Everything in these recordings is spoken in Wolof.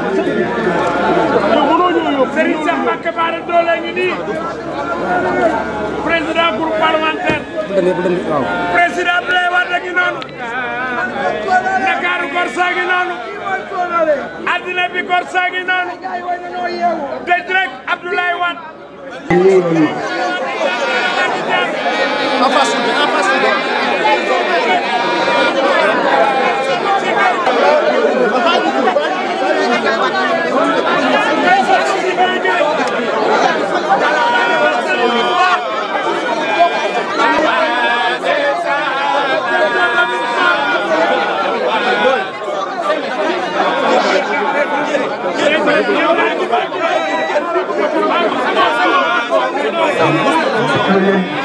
yow mënoo ñëw yow. Serigne Cheikh Mbacke Bara Dolly ngi nii président groupe parlementaire. président Abdoulaye Wade ngi noonu. Dakar Gorsa noonu. addina bi Gorsa ngi noonu. dëj rek Abdoulaye Wade.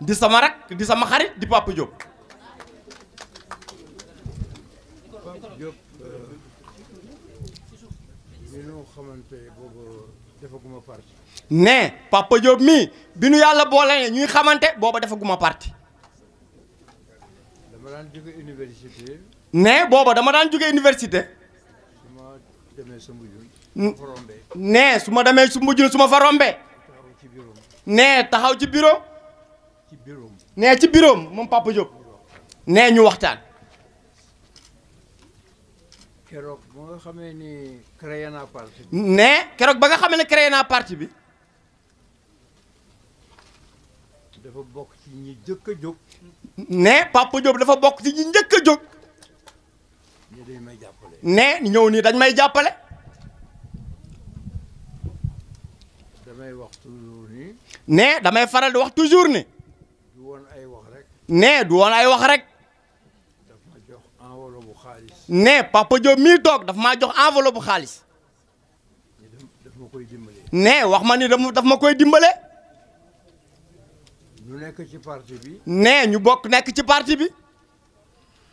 di sama rak di sama xarit di Papa Diop. Papa Diop euh, mi defaguma parti. ne Papa Diop mii bi nu yàlla boole ñuy xamante booba defaguma parti. dama daan jóge université. ne booba dama daan jóge université. su ma demee su ma fa su ma demee su ma fa rombee. ne taxaw ci bureau. nee ci biroom moom papa Diop nee ñu waxtaan. keroog ba nga xamee ni créé naa parti bi. nee keroog ba nga xamee ne créé naa parti bi. dafa bokk ci ñi njëkk a jóg. nee papa Diop dafa bokk ci ñu njëkk a jóg. ne dañ may jàppale. nee ñëw nii dañ may jàppale. damay wax toujours ni. nee damay faral di wax toujours ni. woon ay wax rek. nee du woon ay wax rek. daf ma jox enveloppe bu nee papa Diop toog daf maa jox enveloppe bu xaalis. daf ma koy dimbale. nee wax ma ni daf ma koy dimbale. ñu nekk ci parti bi. nee ñu bokk nekk ci parti bi.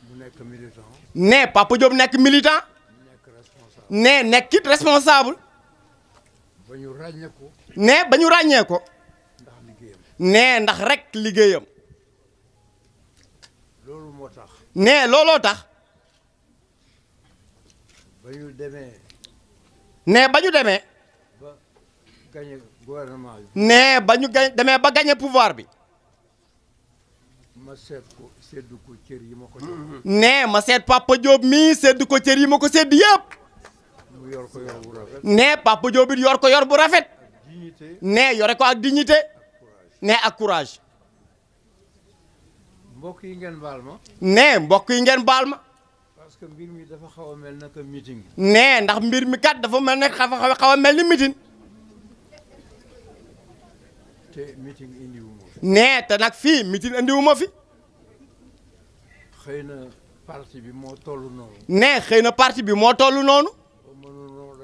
mu nekk militant. nee papa nekk militant. nekk responsable. nee nekkit responsable. ba ñu ràññee ko. nee ba ñu ràññee ko. nee ndax rek liggéeyam moo tax nee looloo tax ba ñu demee nee ba ñu demee ba nee ba ñu demee ba gañe pouvoir bi ma ko sedd ko yi ma nee ma seet Papa Diop mii sedd ko cër yi ma ko sedd yëpp yor ko yor bu rafet nee Papa Diop yor ko yor bu rafet nee yore ko ak dignité ne ak courage. mbokk yi ngeen baal ma. ne mbokk yi ngeen baal ma. parce dafa xaw a mel ne que ndax mbir mi kat dafa mel ne dafa xaw a mel ni meeting. te meeting te nag fii meeting indiwu fi. xëy na parti bi moo toll noonu. ne xëy na parti bi moo toll noonu. ba mënuloo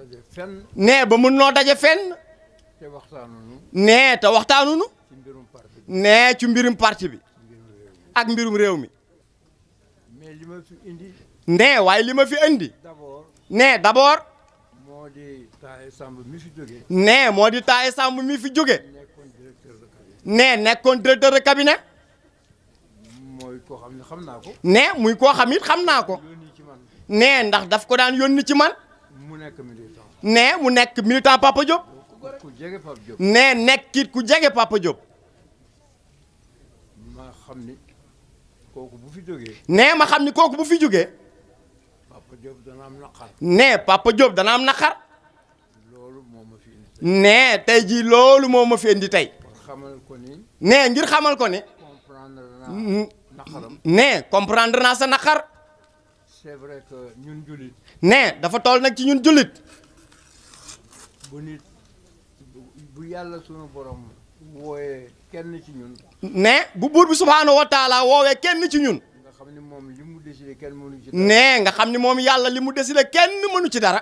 noo daje fenn. te waxtaanu nu. ne te waxtaanu nu. nee ci mbirum parti bi ak mbirum réew mi mais li ma nee waaye li ma fi indi nee d'abord moo di taaye fi jóge nee moo di taaye sàmb mi fi jóge nee nekkoon directeur de cabinet mooy koo ne xam naa ko nee muy koo xam it xam naa ko nee ndax daf ko daan yónni ci man mu nekk militant nee mu nekk militant Papa Diop nee nekkit ku jege Papa Diop ma xam ni kooku bu fi jógee. nee ma xam ni kooku bu fi jógee. papa am naqar. nee papa Diop dana am naqar. loolu moo tey. nee tey jii loolu moo ma fi indi tey. xamal ko ni. nee ngir xamal ko ni. comprendre naa naqaram. nee comprendre naa sa naqar. c'est vrai que ñun jullit. nee dafa tool nag ci ñun jullit. yàlla sunu borom. wooyee kenn ci ñun. ne bu buur bi subhaanahu wa taala kenn ci ñun. nga xam ni moom li mu décidé kenn mënu ci dara. nga xam ni moom yàlla li mu décidé kenn mënu ci dara.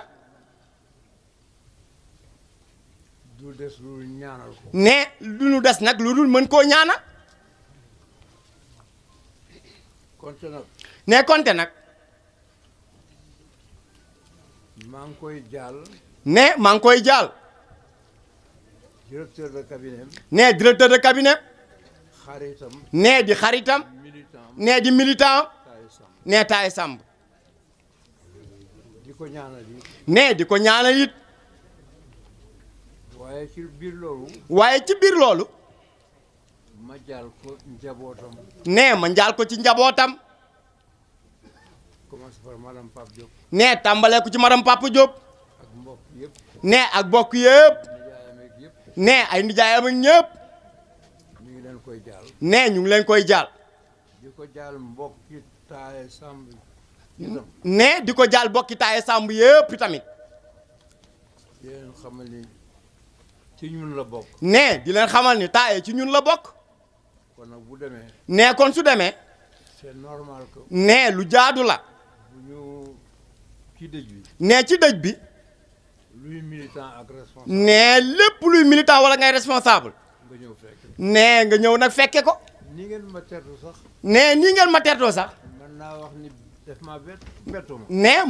du lu ñaanal ko. des nag lu dul mën koo ñaanal. konte nag. ne nag. maa ngi koy jaal. ne maa ngi koy jaal. directeur de cabinet. nee directeur de cabinet. nee di xaritam. nee di militant. nee Taye Samb. nee di ko ñaanal it. waaye ci biir loolu. waaye ci ma jaal ko ci njabootam. commencé par madame Pape nee tàmbalee ko ci madame Pape Diop. nee ak mbokk yëpp. ne ay nijaayam ak ñëpp. ñu ngi leen koy jaal. nee ñu ngi leen koy jaal. di ko jaal mbokki taaye sàmb ne di ko jaal mbokki taaye sàmb yëpp tamit. di leen xamal ni la bokk. ne leen xamal ni taaye ci ñun la bokk. kon nag bu demee. kon su demee. c'est lu jaadu la. bu ñu ci dëj bi. luy militant nee lépp luy militant wala ngay responsable. nga ñëw fekke nee nga ñëw nag fekke ko. nii ngeen ma teertoo sax. nee nii ngeen ma teertoo sax. mën naa wax ni daf maa bett bettu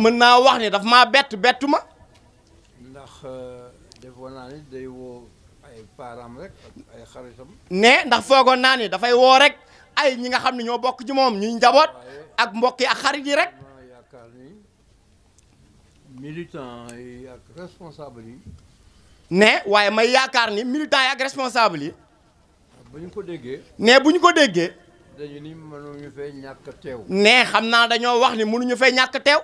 mën naa wax ni daf maa bett bettu ma. ndax euh, defoon naa ni day woo ay parents rek ay ndax foogoon naa ni dafay woo rek ay ñi nga xam ne ñoo bokk ci moom ñuy njaboot ak mbokk yi ak xarit yi rek. militant yi ak responsable yi. ne waaye may yaakaar ni militant yi ak responsable yi. bu ñu ko déggee. ne bu ñu ko déggee. dañu ni mënuñu fee ñàkk teew. xam naa dañoo wax ni mënuñu fa ñàkk teew.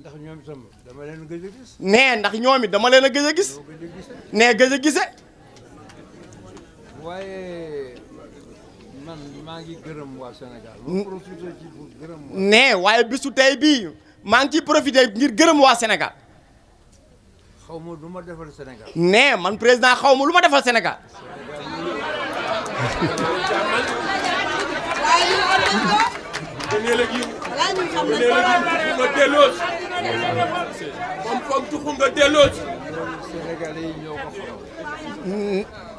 ndax ñoom itam dama leen gëj a gis. ne ndax ñoom it dama leen a gëj a gis. ne a gise. waaye man maa ngi gërëm waa Sénégal. ma waaye bisu tey bii. maa ngi ciy profité ngir gërëm waa senegal xaw ma lu defal Sénégal. nee man président xawma lu ma defal Sénégal.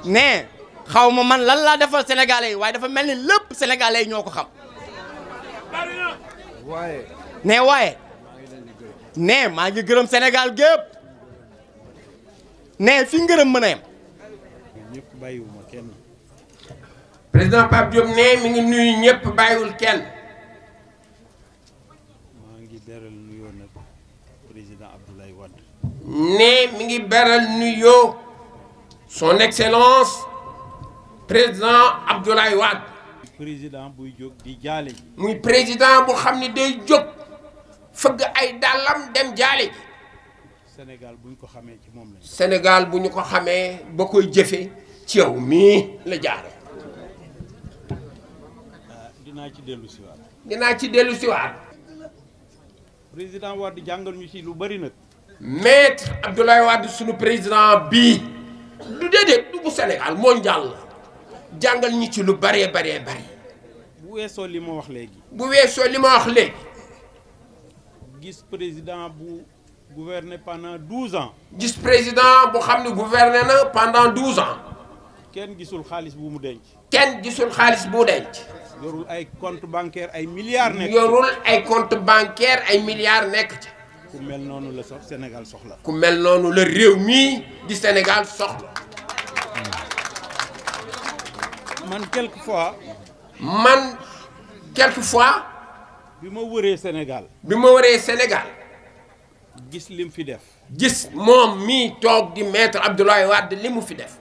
nee xaw ma man lan laa defal sénégalais yi waaye dafa mel ni lépp sénégalais yi ñoo ko xam. nee waaye. ne maa ngi gërëm Sénégal gépp ne fi ngërëm mën a yem. ñëpp bàyyiwuma kenn. président Pape Diop ne mi ngi nuyu ñëpp bàyyiwul kenn. maa ngi beral nuyoo nag président Abdoulaye Wade. ne mi ngi beral nuyoo son excellence président Abdoulaye Wade. président buy jóg di jaale. muy président bu xam ne day jog fëgg ay dàllam dem jaali. Sénégal bu ko xamee ci moom la. Sénégal bu ñu ko xamee ba koy jëfe ci yow mii la jaare euh, dinaa ci dellu si dinaa ci dellu si waat. président Wade jàngal ñu ci lu bari nag. maître Abdoulaye Wade suñu président bi lu déedéet du bu Sénégal mondial la jàngal ñu ci lu baree baree bari. bu weesoo li ma wax léegi. bu weesoo li ma wax léegi. gis président bu gouverner pendant douze ans. gis président bu xam ne gouverner na pendant douze ans. kenn gisul xaalis bu mu denc. kenn gisul xaalis bu denc. yorul ay compte bancaire ay milliards nekk yorul ay compte bancaire ay milliards nekk ci. ku mel noonu la sox Sénégal soxla. ku mel noonu la réew mi di Sénégal soxla. man quelquefois. man quelquefois. bi ma wëree Sénégal. bi ma wëree Sénégal. gis lim fi def. gis moom mii toog di maître Abdoulaye Wade li mu fi def.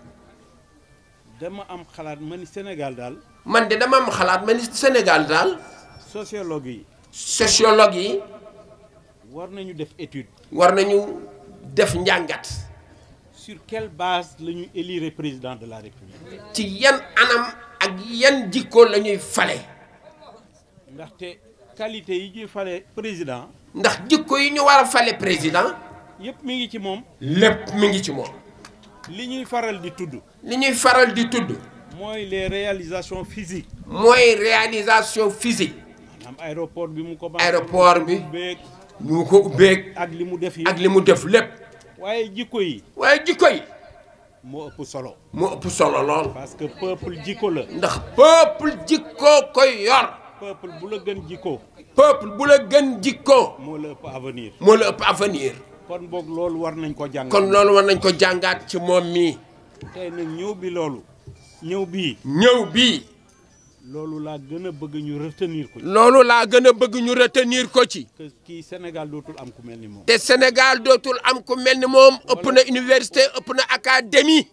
dama am xalaat ma ni Sénégal daal. man de dama am xalaat ma ni Sénégal daal. sociologue yi. sociologue yi. war nañu def étude. war nañu def njàngat. sur quelle base la ñu élire président de la république. ci yan anam ak yan jikko lañuy ñuy fale. ndaxte. qualité yi ñuy fale président. ndax jikko yi ñu war a fale président. yépp mu ngi ci moom. lépp mu ngi ci moom. li ñuy faral di tudd. li ñuy faral di tudd. mooy les réalisations physiques. mooy réalisation physique. maanaam aéroport bi mu commencé. aéroport bi ñu ko ubbeeg. ak li mu def yi ak li mu def lépp. waaye jikko yi. waaye jikko yi. moo ëpp solo. mu ëpp solo lool. parce que peuple jikko la. ndax peuple jikko koy yor. peuple bu la gën jikko. peuple bu la gën jikko. moo la ëpp avenir. ëpp avenir. kon boog loolu war nañ ko jàngaat. loolu war nañ ko jàngaat ci moom mii. tey nag ñëw bi loolu. ñëw bi ñëw bi loolu laa gën a bëgg ñu retenir ko ci. loolu laa gën a bëgg ñu retenir ko ci. que kii Sénégal dootul am ku mel ni moom. te senegal dootul am ku mel ni moom ëpp na université ëpp na académie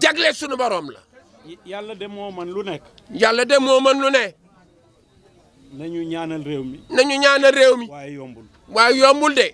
jagle suñu borom la. yàlla de moo man lu nekk. yàlla de moo man lu ne. na nañu ñaanal réew mi. nañu ñaanal réew mi. waaye yombul. waaye yombul de.